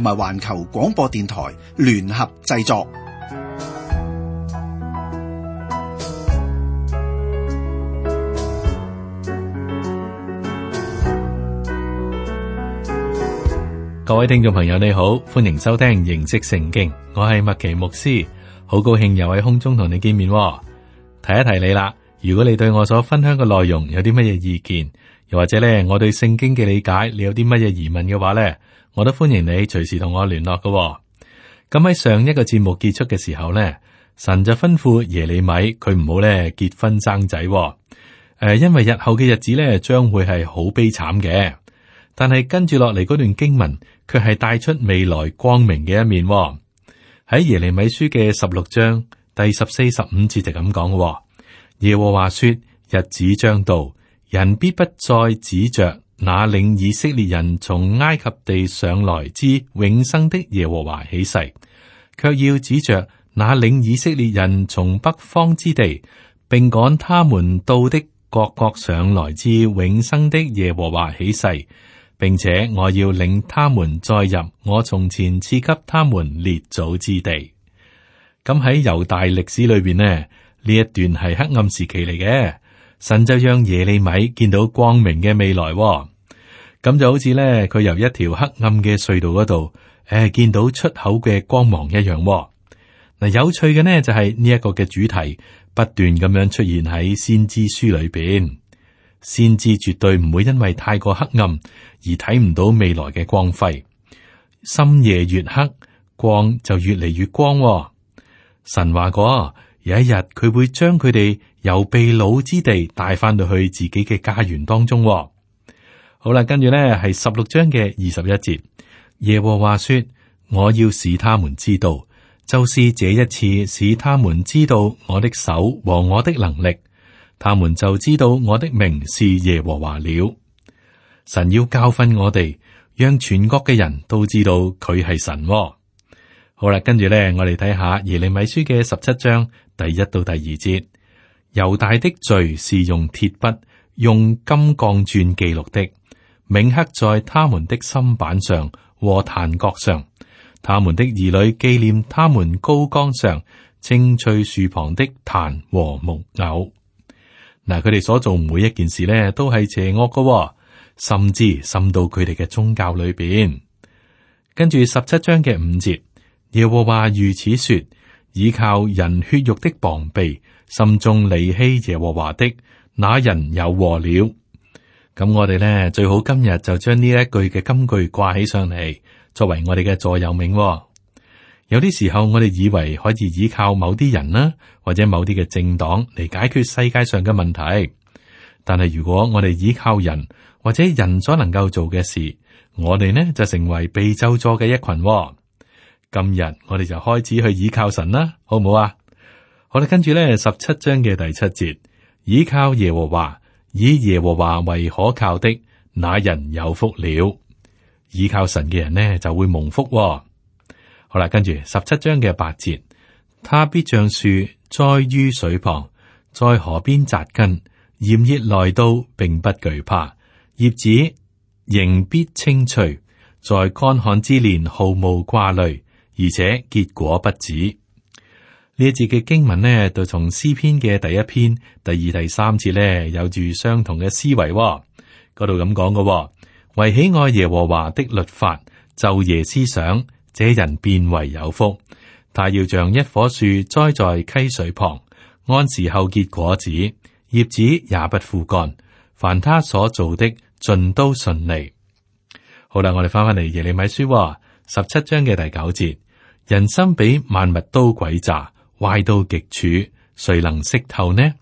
同埋環球廣播電台聯合製作。各位聽眾朋友，你好，歡迎收聽認識聖經。我係麥奇牧師，好高興又喺空中同你見面。提一提你啦，如果你對我所分享嘅內容有啲乜嘢意見，又或者咧，我對聖經嘅理解，你有啲乜嘢疑問嘅話咧，我都歡迎你隨時同我聯絡嘅、哦。咁喺上一個節目結束嘅時候咧，神就吩咐耶利米佢唔好咧結婚生仔、哦，誒、呃，因為日後嘅日子咧將會係好悲慘嘅。但係跟住落嚟嗰段經文，卻係帶出未來光明嘅一面、哦。喺耶利米書嘅十六章第十四十五節就咁講、哦：耶和華說，日子將到。人必不再指着那領以色列人從埃及地上來之永生的耶和華起誓，卻要指着那領以色列人從北方之地，並趕他們到的各國上來之永生的耶和華起誓，並且我要領他們再入我從前賜給他們列祖之地。咁喺猶大歷史裏邊呢，呢一段係黑暗時期嚟嘅。神就讓耶利米見到光明嘅未來、哦，咁就好似咧佢由一條黑暗嘅隧道嗰度，誒、哎、見到出口嘅光芒一樣、哦。嗱，有趣嘅呢，就係呢一個嘅主題，不斷咁樣出現喺先知書裏邊。先知絕對唔會因為太過黑暗而睇唔到未來嘅光輝。深夜越黑，光就越嚟越光、哦。神話過。有一日佢會將佢哋由被擄之地帶翻到去自己嘅家園當中、哦。好啦，跟住咧係十六章嘅二十一節。耶和華說：我要使他們知道，就是這一次使他們知道我的手和我的能力，他們就知道我的名是耶和華了。神要教訓我哋，讓全國嘅人都知道佢係神、哦。好啦，跟住咧我哋睇下耶利米書嘅十七章。第一到第二節，猶大的罪是用鐵筆、用金鋼鑽記錄的，銘刻在他們的心板上和壇角上。他們的兒女紀念他們高崗上青翠樹旁的壇和木偶。嗱，佢哋所做每一件事呢都係邪惡噶，甚至滲到佢哋嘅宗教裏邊。跟住十七章嘅五節，耶和華如此說。倚靠人血肉的膀臂，心中離棄耶和華的那人有禍了。咁我哋咧最好今日就將呢一句嘅金句掛起上嚟，作為我哋嘅座右銘、哦。有啲時候我哋以為可以依靠某啲人啦、啊，或者某啲嘅政黨嚟解決世界上嘅問題，但係如果我哋依靠人或者人所能夠做嘅事，我哋呢就成為被咒詛嘅一群、哦。今日我哋就開始去倚靠神啦，好唔好啊？好啦，跟住咧十七章嘅第七節，倚靠耶和華，以耶和華為可靠的那人有福了。倚靠神嘅人呢就會蒙福喎。好啦，跟住十七章嘅八節，他必像樹栽於水旁，在河邊紮根，炎熱來到並不懼怕，葉子仍必青翠，在乾旱之年毫無掛慮。而且結果不止呢節嘅經文呢，就從詩篇嘅第一篇、第二、第三節咧，有住相同嘅思維、哦。嗰度咁講嘅，為喜愛耶和華的律法，晝夜思想，這人便為有福。他要像一棵樹栽，栽在溪水旁，按時候結果子，葉子也不枯乾。凡他所做的，盡都順利。好啦，我哋翻返嚟耶利米書話十七章嘅第九節。人心比萬物都詭詐，壞到極處，誰能識透呢？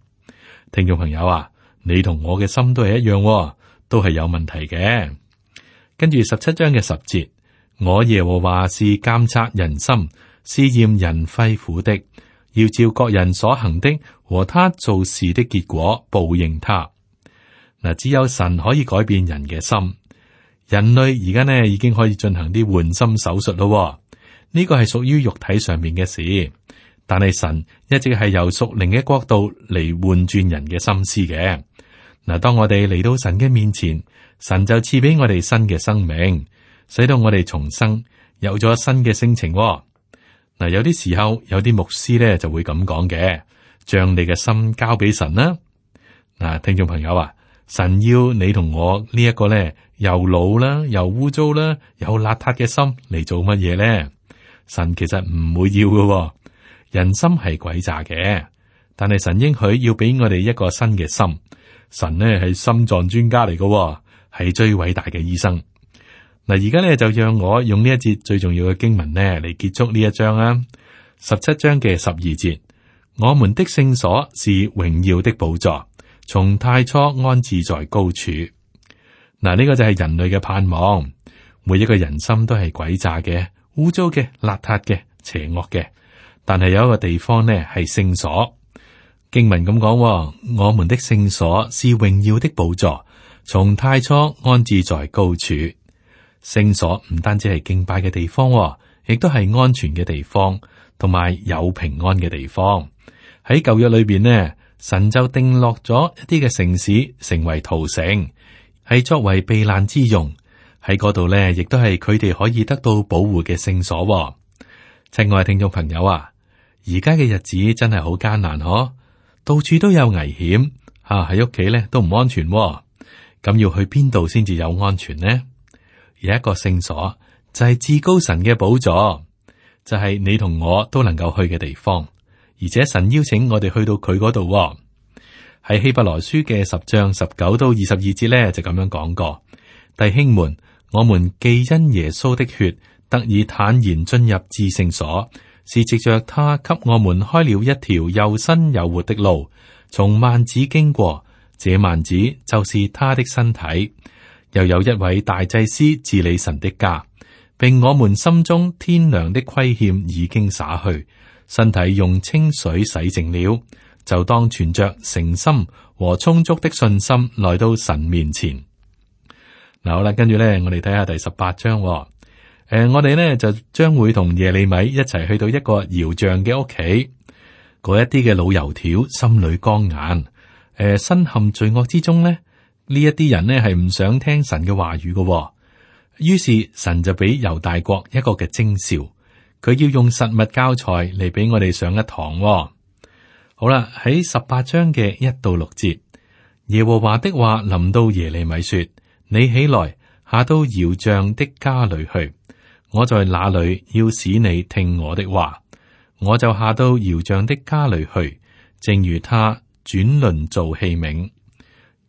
聽眾朋友啊，你同我嘅心都係一樣，哦，都係有問題嘅。跟住十七章嘅十節，我耶和華是監察人心，試驗人肺腑的，要照各人所行的和他做事的結果報應他。嗱，只有神可以改變人嘅心。人類而家呢已經可以進行啲換心手術咯。呢個係屬於肉體上面嘅事，但係神一直係由屬靈嘅角度嚟換轉人嘅心思嘅。嗱，當我哋嚟到神嘅面前，神就賜俾我哋新嘅生命，使到我哋重生，有咗新嘅性情。嗱、啊，有啲時候有啲牧師咧就會咁講嘅，將你嘅心交俾神啦。嗱、啊，聽眾朋友啊，神要你同我呢一個咧，又老啦，又污糟啦，又邋遢嘅心嚟做乜嘢咧？神其實唔會要嘅，人心係詭詐嘅，但係神應許要俾我哋一個新嘅心。神呢係心臟專家嚟嘅，係最偉大嘅醫生。嗱，而家呢就讓我用呢一節最重要嘅經文呢嚟結束呢一章啊，十七章嘅十二節，我們的聖所是榮耀的寶座，從太初安置在高處。嗱，呢個就係人類嘅盼望，每一個人心都係詭詐嘅。污糟嘅、邋遢嘅、邪惡嘅，但係有一個地方呢係聖所。經文咁講，我們的聖所是榮耀的寶座，從太初安置在高處。聖所唔單止係敬拜嘅地方喎，亦都係安全嘅地方，同埋有平安嘅地方。喺舊約裏邊呢，神就定落咗一啲嘅城市成為逃城，係作為避難之用。喺嗰度咧，亦都係佢哋可以得到保護嘅聖所。親愛聽眾朋友啊，而家嘅日子真係好艱難、哦，可到處都有危險。吓，喺屋企咧都唔安全、哦，咁要去邊度先至有安全呢？有一個聖所就係、是、至高神嘅寶座，就係、是、你同我都能夠去嘅地方，而且神邀請我哋去到佢嗰度。喺希伯來書嘅十章十九到二十二節咧就咁樣講過，弟兄們。我們既因耶穌的血得以坦然進入至聖所，是藉着他給我們開了一條又新又活的路，從幔子經過。這幔子就是他的身體。又有一位大祭司治理神的家，並我們心中天良的虧欠已經灑去，身體用清水洗淨了，就當存着誠心和充足的信心來到神面前。好啦，跟住咧，我哋睇下第十八章、哦。誒、呃，我哋咧就將會同耶利米一齊去到一個窯匠嘅屋企，嗰一啲嘅老油條、心裏剛硬，誒、呃，身陷罪惡之中呢呢一啲人呢，係唔想聽神嘅話語嘅、哦，於是神就俾猶大國一個嘅徵兆，佢要用實物教材嚟俾我哋上一堂、哦。好啦，喺十八章嘅一到六節，耶和華的話臨到耶利米說。你起來，下到窯匠的家裏去。我在那裏，要使你聽我的話，我就下到窯匠的家裏去。正如他轉輪做器皿，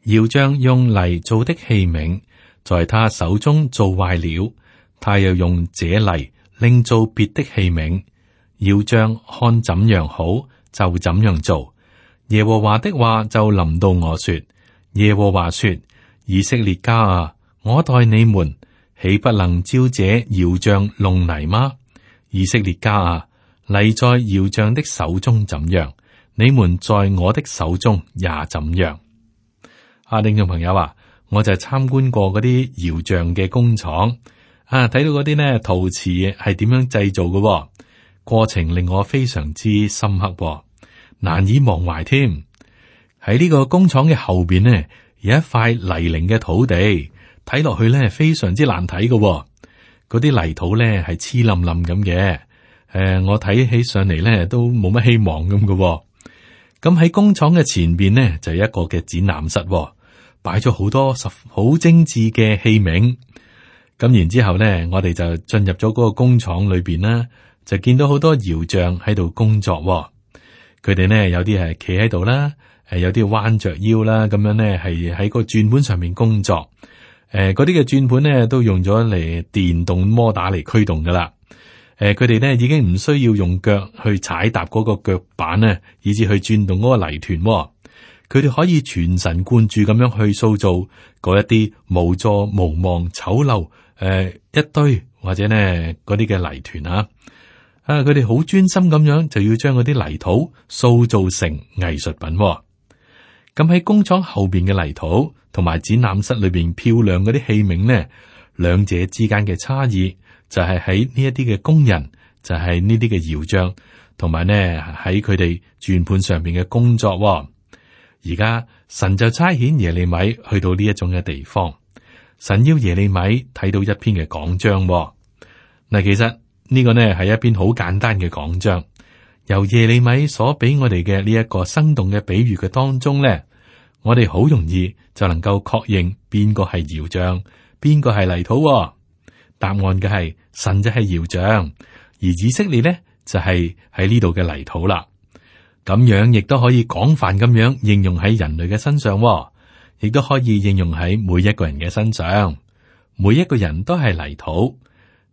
窯匠用泥做的器皿，在他手中做壞了，他又用這泥另做別的器皿。窯匠看怎樣好，就怎樣做。耶和華的話就臨到我說：耶和華說。以色列家啊，我待你們，豈不能照這窑匠弄泥嗎？以色列家啊，泥在窑匠的手中怎樣，你們在我的手中也怎樣。啊，聽眾朋友啊，我就參觀過嗰啲窑匠嘅工廠，啊，睇到嗰啲呢陶瓷係點樣製造嘅，哦，過程令我非常之深刻，哦，難以忘懷添。喺呢個工廠嘅後邊呢，有一塊泥濘嘅土地睇落去咧，非常之難睇嘅、哦。嗰啲泥土咧係黐冧冧咁嘅。誒、呃，我睇起上嚟咧都冇乜希望咁嘅、哦。咁喺工廠嘅前邊咧就係、一個嘅展覽室、哦，擺咗好多十好精致嘅器皿。咁然之後咧，我哋就進入咗嗰個工廠裏邊啦，就見到好多窯匠喺度工作、哦。佢哋咧有啲係企喺度啦。係有啲彎着腰啦，咁樣咧係喺個轉盤上面工作。誒、呃，嗰啲嘅轉盤咧都用咗嚟電動摩打嚟驅動噶啦。誒、呃，佢哋咧已經唔需要用腳去踩踏嗰個腳板咧，以致去轉動嗰個泥團、哦。佢哋可以全神貫注咁樣去塑造嗰一啲無助、無望、醜陋誒、呃、一堆或者呢嗰啲嘅泥團啊。啊，佢哋好專心咁樣就要將嗰啲泥土塑造成藝術品、哦。咁喺工廠後邊嘅泥土同埋展覽室裏邊漂亮嗰啲器皿咧，兩者之間嘅差異就係喺呢一啲嘅工人，就係呢啲嘅窯匠，同埋咧喺佢哋轉盤上邊嘅工作，哦。而家神就差遣耶利米去到呢一種嘅地方，神要耶利米睇到一篇嘅講章。嗱，其實呢個咧係一篇好簡單嘅講章。由耶利米所俾我哋嘅呢一個生動嘅比喻嘅當中咧，我哋好容易就能夠確認邊個係窯匠，邊個係泥土、哦。答案嘅係神就係窯匠，而以色列咧就係喺呢度嘅泥土啦。咁樣亦都可以廣泛咁樣應用喺人類嘅身上、哦，亦都可以應用喺每一個人嘅身上。每一個人都係泥土，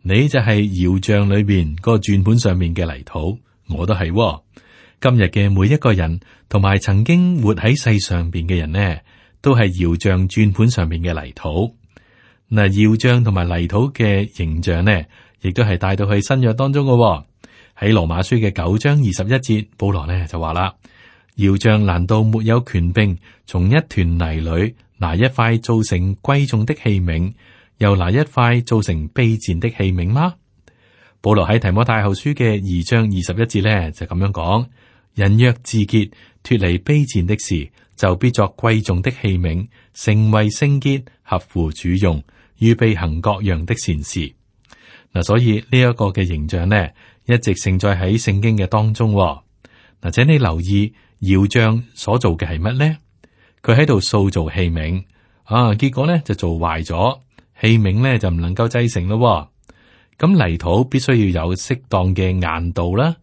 你就係窯匠裏邊、嗰個轉盤上面嘅泥土。我都係、哦，今日嘅每一個人同埋曾經活喺世上邊嘅人呢，都係窯匠轉盤上面嘅泥土。嗱，窯匠同埋泥土嘅形象呢，亦都係帶到去新約當中嘅、哦。喺羅馬書嘅九章二十一節，保羅呢就話啦：窯匠難道沒有權柄從一團泥裏拿一塊造成貴重的器皿，又拿一塊造成卑賤的器皿嗎？保羅喺提摩太後書嘅二章二十一節咧就咁樣講：人若自潔，脫離卑賤的事，就必作貴重的器皿，成為聖潔，合乎主用，預備行各樣的善事。嗱，所以呢一個嘅形象咧，一直盛在喺聖經嘅當中喎。嗱，請你留意，窯匠所做嘅係乜咧？佢喺度塑造器皿啊，結果咧就做壞咗器皿咧就唔能夠製成咯喎。咁泥土必須要有適當嘅硬度啦，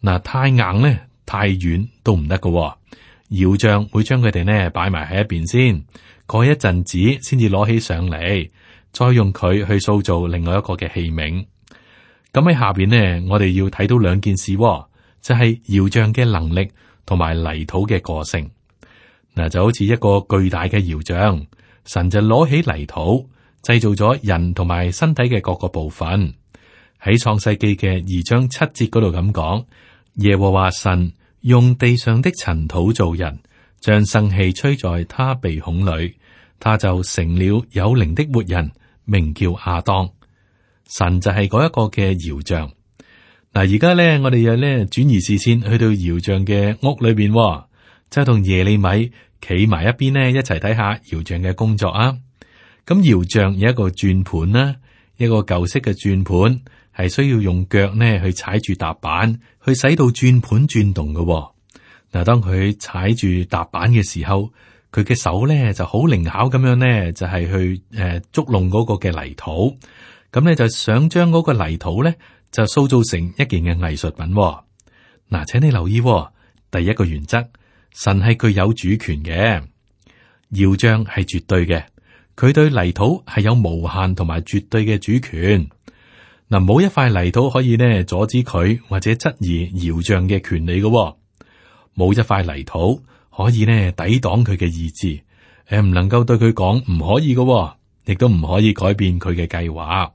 嗱，太硬咧、太軟都唔得噶。窑匠會將佢哋呢擺埋喺一邊先，過一陣子先至攞起上嚟，再用佢去塑造另外一個嘅器皿。咁喺下邊呢，我哋要睇到兩件事，哦，就係窑匠嘅能力同埋泥土嘅個性。嗱，就好似一個巨大嘅窑匠，神就攞起泥土。製造咗人同埋身體嘅各個部分，喺創世記嘅二章七節嗰度咁講：耶和華神用地上的塵土造人，將生氣吹在他鼻孔裏，他就成了有靈的活人，名叫亞當。神就係嗰一個嘅窯匠。嗱，而家咧，我哋又咧轉移視線去到窯匠嘅屋裏邊、哦，就同耶利米企埋一邊呢一齊睇下窯匠嘅工作啊！咁窯匠有一個轉盤啦，一個舊式嘅轉盤係需要用腳咧去踩住踏板，去使到轉盤轉動嘅。嗱，當佢踩住踏板嘅時候，佢嘅手咧就好靈巧咁樣咧，就係去誒捉弄嗰個嘅泥土。咁咧就想將嗰個泥土咧就塑造成一件嘅藝術品，哦。嗱，請你留意，哦，第一個原則，神係佢有主權嘅，窯匠係絕對嘅。佢對泥土係有無限同埋絕對嘅主權，嗱，冇一塊泥土可以咧阻止佢或者質疑窯匠嘅權利嘅，哦，冇一塊泥土可以咧抵擋佢嘅意志，誒唔能夠對佢講唔可以嘅，亦都唔可以改變佢嘅計劃。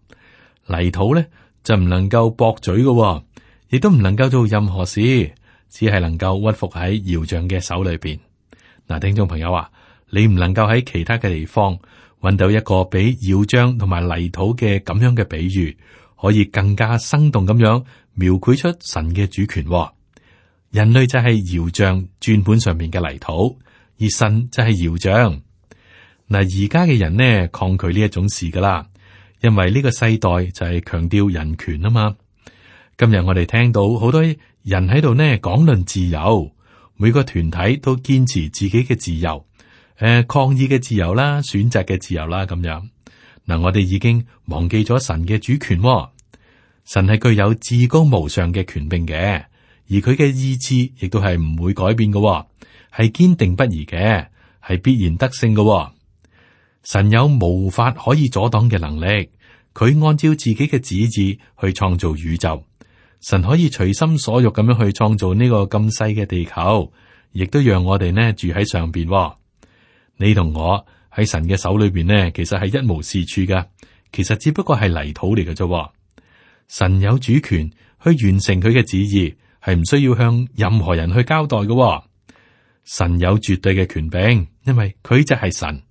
泥土咧就唔能夠駁嘴嘅，亦都唔能夠做任何事，只係能夠屈服喺窯匠嘅手裏邊。嗱，聽眾朋友啊，你唔能夠喺其他嘅地方搵到一個比窯匠同埋泥土嘅咁樣嘅比喻，可以更加生動咁樣描繪出神嘅主權。人類就係窯匠轉盤上面嘅泥土，而神就係窯匠。嗱，而家嘅人呢抗拒呢一種事噶啦，因為呢個世代就係強調人權啊嘛。今日我哋聽到好多人喺度呢講論自由，每個團體都堅持自己嘅自由。誒、呃，抗議嘅自由啦，選擇嘅自由啦，咁樣嗱、啊，我哋已經忘記咗神嘅主權、哦。神係具有至高無上嘅權柄嘅，而佢嘅意志亦都係唔會改變嘅、哦，係堅定不移嘅，係必然得勝嘅、哦。神有無法可以阻擋嘅能力，佢按照自己嘅旨意去創造宇宙。神可以隨心所欲咁樣去創造呢個咁細嘅地球，亦都讓我哋呢住喺上邊、哦。你同我喺神嘅手裏邊呢，其實係一無是處噶，其實只不過係泥土嚟嘅啫。神有主權去完成佢嘅旨意，係唔需要向任何人去交代嘅哦。神有絕對嘅權柄，因為佢就係神。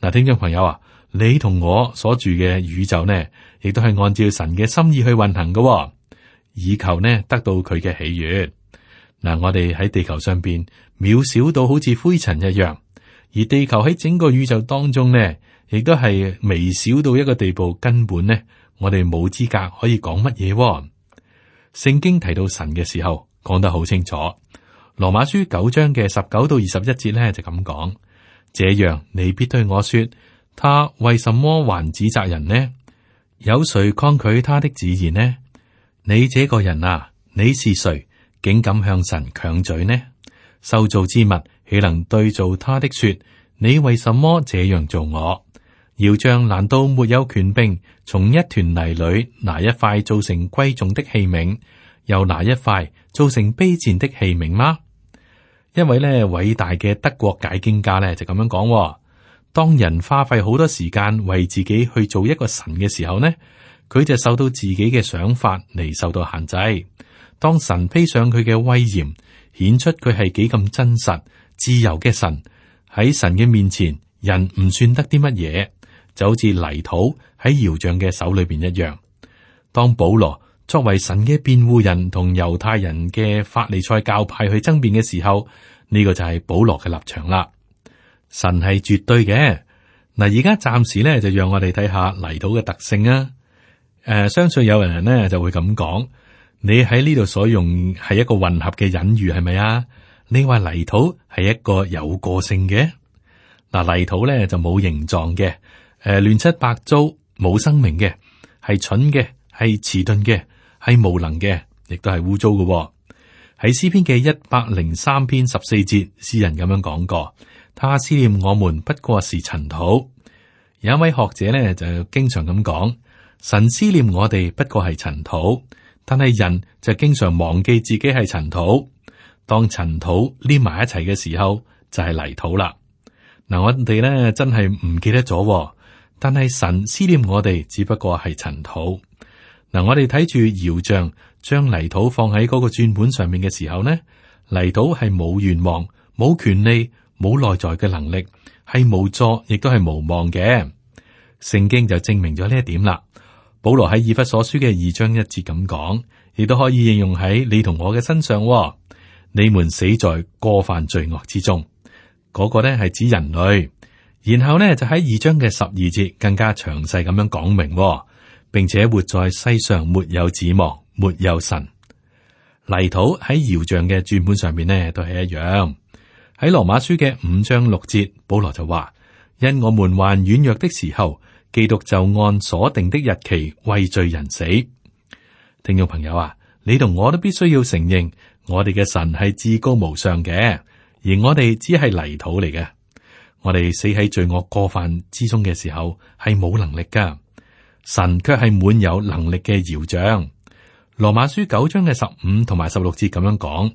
嗱，聽眾朋友啊，你同我所住嘅宇宙呢，亦都係按照神嘅心意去運行嘅哦，以求呢得到佢嘅喜悅。嗱，我哋喺地球上邊渺小到好似灰塵一樣。而地球喺整個宇宙當中呢，亦都係微小到一個地步，根本呢，我哋冇資格可以講乜嘢喎。聖經提到神嘅時候，講得好清楚。羅馬書九章嘅十九到二十一節呢，就咁講：「這樣你必對我說，他為什麼還指責人呢？有誰抗拒他的旨意呢？你這個人啊，你是誰？竟敢向神強嘴呢？」受造之物。豈能對造他的說？你為什麼這樣做我？我窯匠難道沒有權柄從一團泥,泥裏拿一塊做成貴重的器皿，又拿一塊做成卑賤的器皿嗎？因為咧偉大嘅德國解經家咧就咁樣講：當人花費好多時間為自己去做一個神嘅時候呢，佢就受到自己嘅想法嚟受到限制。當神披上佢嘅威嚴，顯出佢係幾咁真實。自由嘅神喺神嘅面前，人唔算得啲乜嘢，就好似泥土喺窯匠嘅手裏邊一樣。當保羅作為神嘅辯護人同猶太人嘅法利賽教派去爭辯嘅時候，呢、這個就係保羅嘅立場啦。神係絕對嘅。嗱，而家暫時咧就讓我哋睇下泥土嘅特性啊。誒、呃，相信有人咧就會咁講，你喺呢度所用係一個混合嘅隱喻，係咪啊？你話泥土係一個有個性嘅，嗱，泥土咧就冇形狀嘅，誒、呃、亂七八糟，冇生命嘅，係蠢嘅，係遲鈍嘅，係無能嘅，亦都係污糟嘅。喺詩篇嘅一百零三篇十四節，詩人咁樣講過，他思念我們不過是塵土。有一位學者咧就經常咁講，神思念我哋不過係塵土，但係人就經常忘記自己係塵土。當塵土黏埋一齊嘅時候，就係、是、泥土啦。嗱、嗯，我哋咧真係唔記得咗，但係神思念我哋，只不過係塵土嗱、嗯。我哋睇住窰匠，將泥土放喺嗰個轉盤上面嘅時候呢，泥土係冇願望、冇權利、冇內在嘅能力，係冇助，亦都係無望嘅。聖經就證明咗呢一點啦。保羅喺以弗所書嘅二章一節咁講，亦都可以應用喺你同我嘅身上。你們死在過犯罪惡之中，嗰個呢係指人類。然後呢，就喺二章嘅十二節更加詳細咁樣講明，並且活在世上沒有指望，沒有神。泥土喺窯匠嘅轉盤上面呢，都係一樣。喺羅馬書嘅五章六節，保羅就話：因我們還軟弱的時候，基督就按所定的日期爲罪人死。聽眾朋友啊，你同我都必須要承認。我哋嘅神係至高無上嘅，而我哋只係泥土嚟嘅。我哋死喺罪惡過犯之中嘅時候係冇能力㗎，神卻係滿有能力嘅窯匠。羅馬書九章嘅十五同埋十六節咁樣講，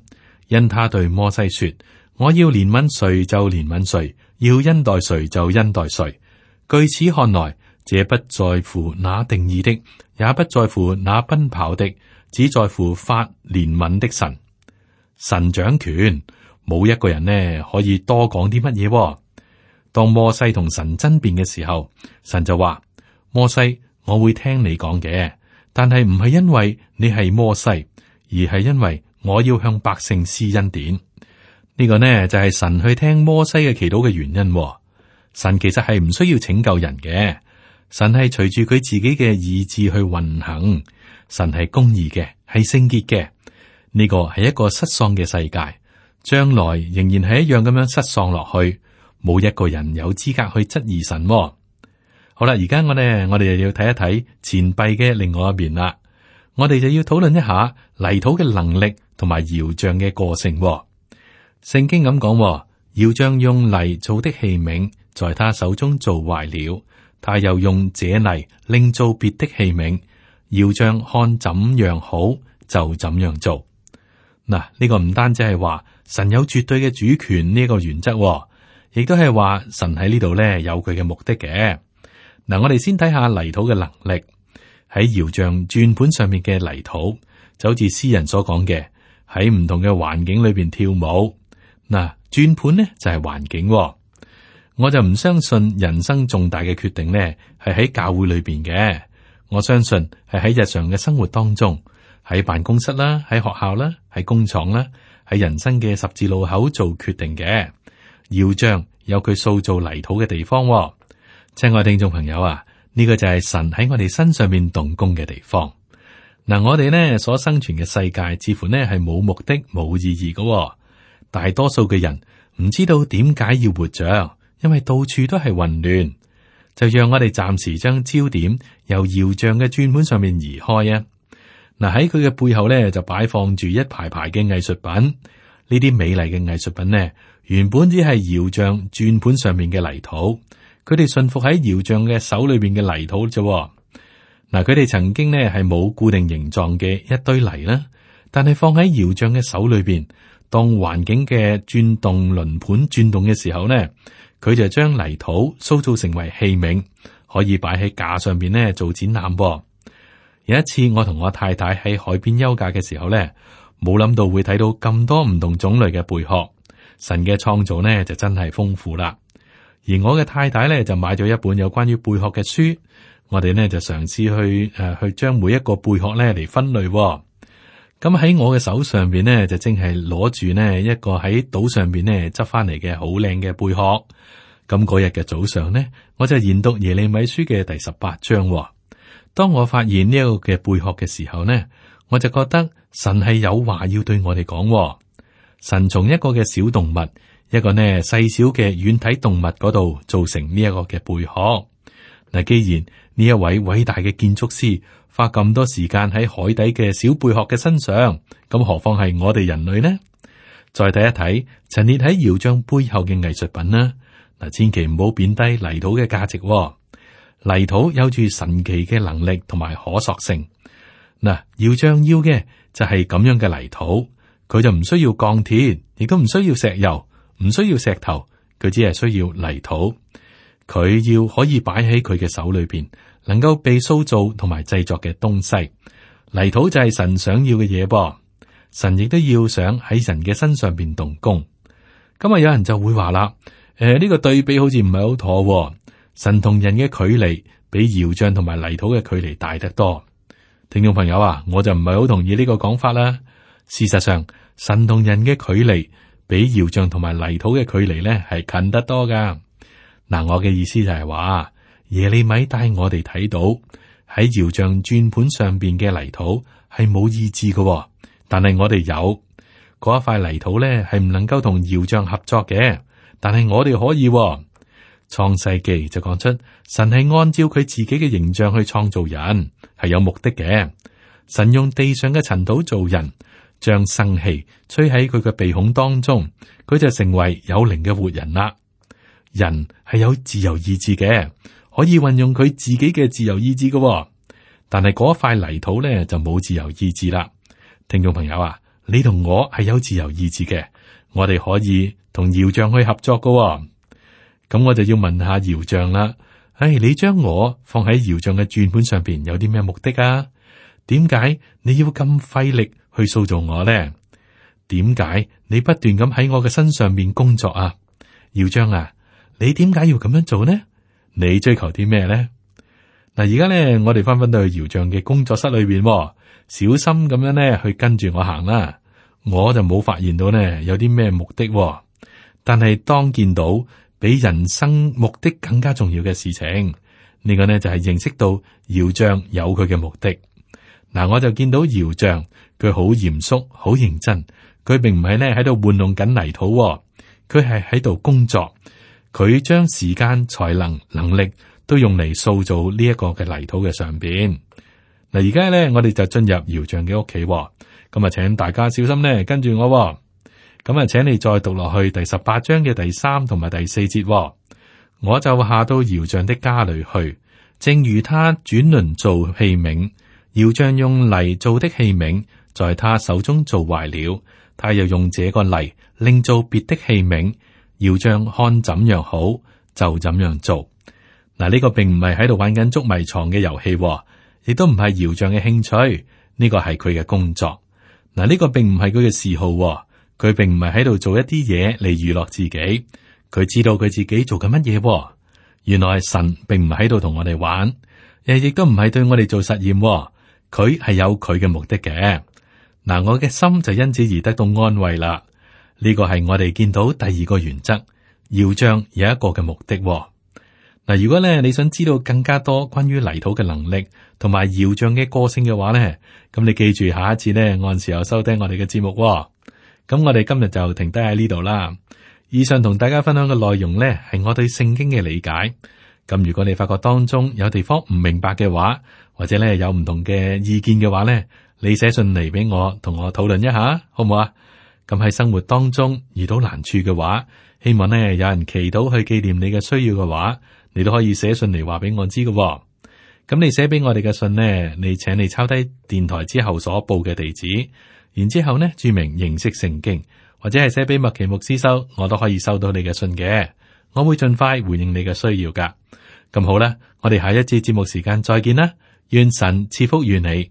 因他對摩西說，我要憐憫誰就憐憫誰，要恩待誰就恩待誰。據此看來，這不在乎那定義的，也不在乎那奔跑的，只在乎發憐憫的神。神掌權，冇一個人呢可以多講啲乜嘢？當摩西同神爭辯嘅時候，神就話：摩西，我會聽你講嘅，但係唔係因為你係摩西，而係因為我要向百姓施恩典。呢、呢個呢就係、是、神去聽摩西嘅祈禱嘅原因。神其實係唔需要拯救人嘅，神係隨住佢自己嘅意志去運行。神係公義嘅，係聖潔嘅。呢個係一個失喪嘅世界，將來仍然係一樣咁樣失喪落去，冇一個人有資格去質疑神，哦。好啦，而家我哋，我哋又要睇一睇錢幣嘅另外一邊啦。我哋就要討論一下泥土嘅能力同埋窯匠嘅個性，哦。聖經咁講，窯匠用泥做的器皿在他手中做壞了，他又用這泥另做別的器皿。窯匠看怎樣好就怎樣做。嗱，呢個唔單止係話神有絕對嘅主權呢一個原則，哦，亦都係話神喺呢度咧有佢嘅目的嘅。嗱，我哋先睇下泥土嘅能力，喺搖像轉盤上面嘅泥土，就好似詩人所講嘅，喺唔同嘅環境裏邊跳舞。嗱，轉盤呢就係、是、環境，哦。我就唔相信人生重大嘅決定呢係喺教會裏邊嘅，我相信係喺日常嘅生活當中。喺辦公室啦，喺學校啦，喺工廠啦，喺人生嘅十字路口做決定嘅窰匠有佢塑造泥土嘅地方，哦。親愛聽眾朋友啊，呢、這個就係神喺我哋身上面動工嘅地方。嗱、嗯，我哋呢所生存嘅世界，似乎呢係冇目的、冇意義嘅，哦。大多數嘅人唔知道點解要活着，因為到處都係混亂。就讓我哋暫時將焦點由窰匠嘅轉盤上面移開啊！嗱，喺佢嘅背後咧就擺放住一排排嘅藝術品，呢啲美麗嘅藝術品呢，原本只係窯匠轉盤上面嘅泥土，佢哋馴服喺窯匠嘅手裏邊嘅泥土啫。嗱，佢哋曾經呢，係冇固定形狀嘅一堆泥啦，但係放喺窯匠嘅手裏邊，當環境嘅轉動輪盤轉動嘅時候呢，佢就將泥土塑造成為器皿，可以擺喺架上面呢，做展覽噃。有一次，我同我太太喺海邊休假嘅時候咧，冇諗到會睇到咁多唔同種類嘅貝殼。神嘅創造咧就真係豐富啦。而我嘅太太咧就買咗一本有關於貝殼嘅書，我哋呢就嘗試去誒、啊、去將每一個貝殼咧嚟分類。咁喺我嘅手上邊呢，就正係攞住呢一個喺島上邊呢執翻嚟嘅好靚嘅貝殼。咁嗰日嘅早上呢，我就研讀耶利米書嘅第十八章。當我發現呢個嘅貝殼嘅時候呢，我就覺得神係有話要對我哋講。神從一個嘅小動物，一個呢細小嘅軟體動物嗰度造成呢一個嘅貝殼。嗱，既然呢一位偉大嘅建築師花咁多時間喺海底嘅小貝殼嘅身上，咁何況係我哋人類呢？再睇一睇陳列喺窑匠背後嘅藝術品啦。嗱，千祈唔好貶低泥土嘅價值。泥土有住神奇嘅能力同埋可塑性，嗱，要將要嘅就係咁樣嘅泥土，佢就唔需要鋼鐵，亦都唔需要石油，唔需要石頭，佢只係需要泥土。佢要可以擺喺佢嘅手裏邊，能夠被塑造同埋製作嘅東西，泥土就係神想要嘅嘢噃。神亦都要想喺人嘅身上邊動工。今日有人就會話啦，誒、呃、呢、這個對比好似唔係好妥喎。神同人嘅距離比窯匠同埋泥土嘅距離大得多，聽眾朋友啊，我就唔係好同意呢個講法啦。事實上，神同人嘅距離比窯匠同埋泥土嘅距離咧係近得多㗎。嗱，我嘅意思就係話，耶利米帶我哋睇到喺窯匠轉盤上邊嘅泥土係冇意志嘅，但係我哋有嗰一塊泥土咧係唔能夠同窯匠合作嘅，但係我哋可以。創世記就講出神係按照佢自己嘅形象去創造人，係有目的嘅。神用地上嘅塵土做人，將生氣吹喺佢嘅鼻孔當中，佢就成為有靈嘅活人啦。人係有自由意志嘅，可以運用佢自己嘅自由意志㗎喎。但係嗰一塊泥土咧就冇自由意志啦。聽眾朋友啊，你同我係有自由意志嘅，我哋可以同窰匠去合作㗎喎。咁我就要問下窯匠啦。唉、哎，你將我放喺窯匠嘅轉盤上邊，有啲咩目的啊？點解你要咁費力去塑造我咧？點解你不斷咁喺我嘅身上邊工作啊？窯匠啊，你點解要咁樣做呢？你追求啲咩呢？嗱，而家咧，我哋返返到去窯匠嘅工作室裏邊，小心咁樣咧去跟住我行啦。我就冇發現到呢有啲咩目的，但係當見到。比人生目的更加重要嘅事情，呢個呢就係認識到窯匠有佢嘅目的。嗱，我就見到窯匠佢好嚴肅、好認真，佢並唔係呢喺度玩弄緊泥土，佢係喺度工作，佢將時間、才能、能力都用嚟塑造呢一個嘅泥土嘅上邊。嗱，而家呢，我哋就進入窯匠嘅屋企，噉啊，請大家小心呢，跟住我。咁啊，請你再讀落去第十八章嘅第三同埋第四節、哦。我就下到窑匠的家裏去，正如他轉輪做器皿，窑匠用泥做的器皿在他手中做壞了，他又用這個泥另做別的器皿。窑匠看怎樣好就怎樣做。嗱，呢個並唔係喺度玩緊捉迷藏嘅遊戲、哦，亦都唔係窑匠嘅興趣。呢、這個係佢嘅工作。嗱，呢個並唔係佢嘅嗜好、哦。佢並唔係喺度做一啲嘢嚟娛樂自己。佢知道佢自己做緊乜嘢。原來神並唔喺度同我哋玩，亦亦都唔係對我哋做實驗。佢係有佢嘅目的嘅。嗱，我嘅心就因此而得到安慰啦。呢個係我哋見到第二個原則。窯匠有一個嘅目的。嗱，如果咧你想知道更加多關於泥土嘅能力同埋窯匠嘅歌聲嘅話咧，咁你記住下一次咧，按時又收聽我哋嘅節目。咁我哋今日就停低喺呢度啦。以上同大家分享嘅內容呢，係我對聖經嘅理解。咁如果你發覺當中有地方唔明白嘅話，或者呢有唔同嘅意見嘅話呢，你寫信嚟俾我，同我討論一下，好唔好啊？咁喺生活當中遇到難處嘅話，希望呢有人祈禱去紀念你嘅需要嘅話，你都可以寫信嚟話俾我知嘅。咁你寫俾我哋嘅信呢，你請你抄低電台之後所報嘅地址。然之後呢，注明認識聖經，或者係寫俾麥奇牧師收，我都可以收到你嘅信嘅，我會盡快回應你嘅需要噶。咁好啦，我哋下一節節目時間再見啦，願神賜福於你。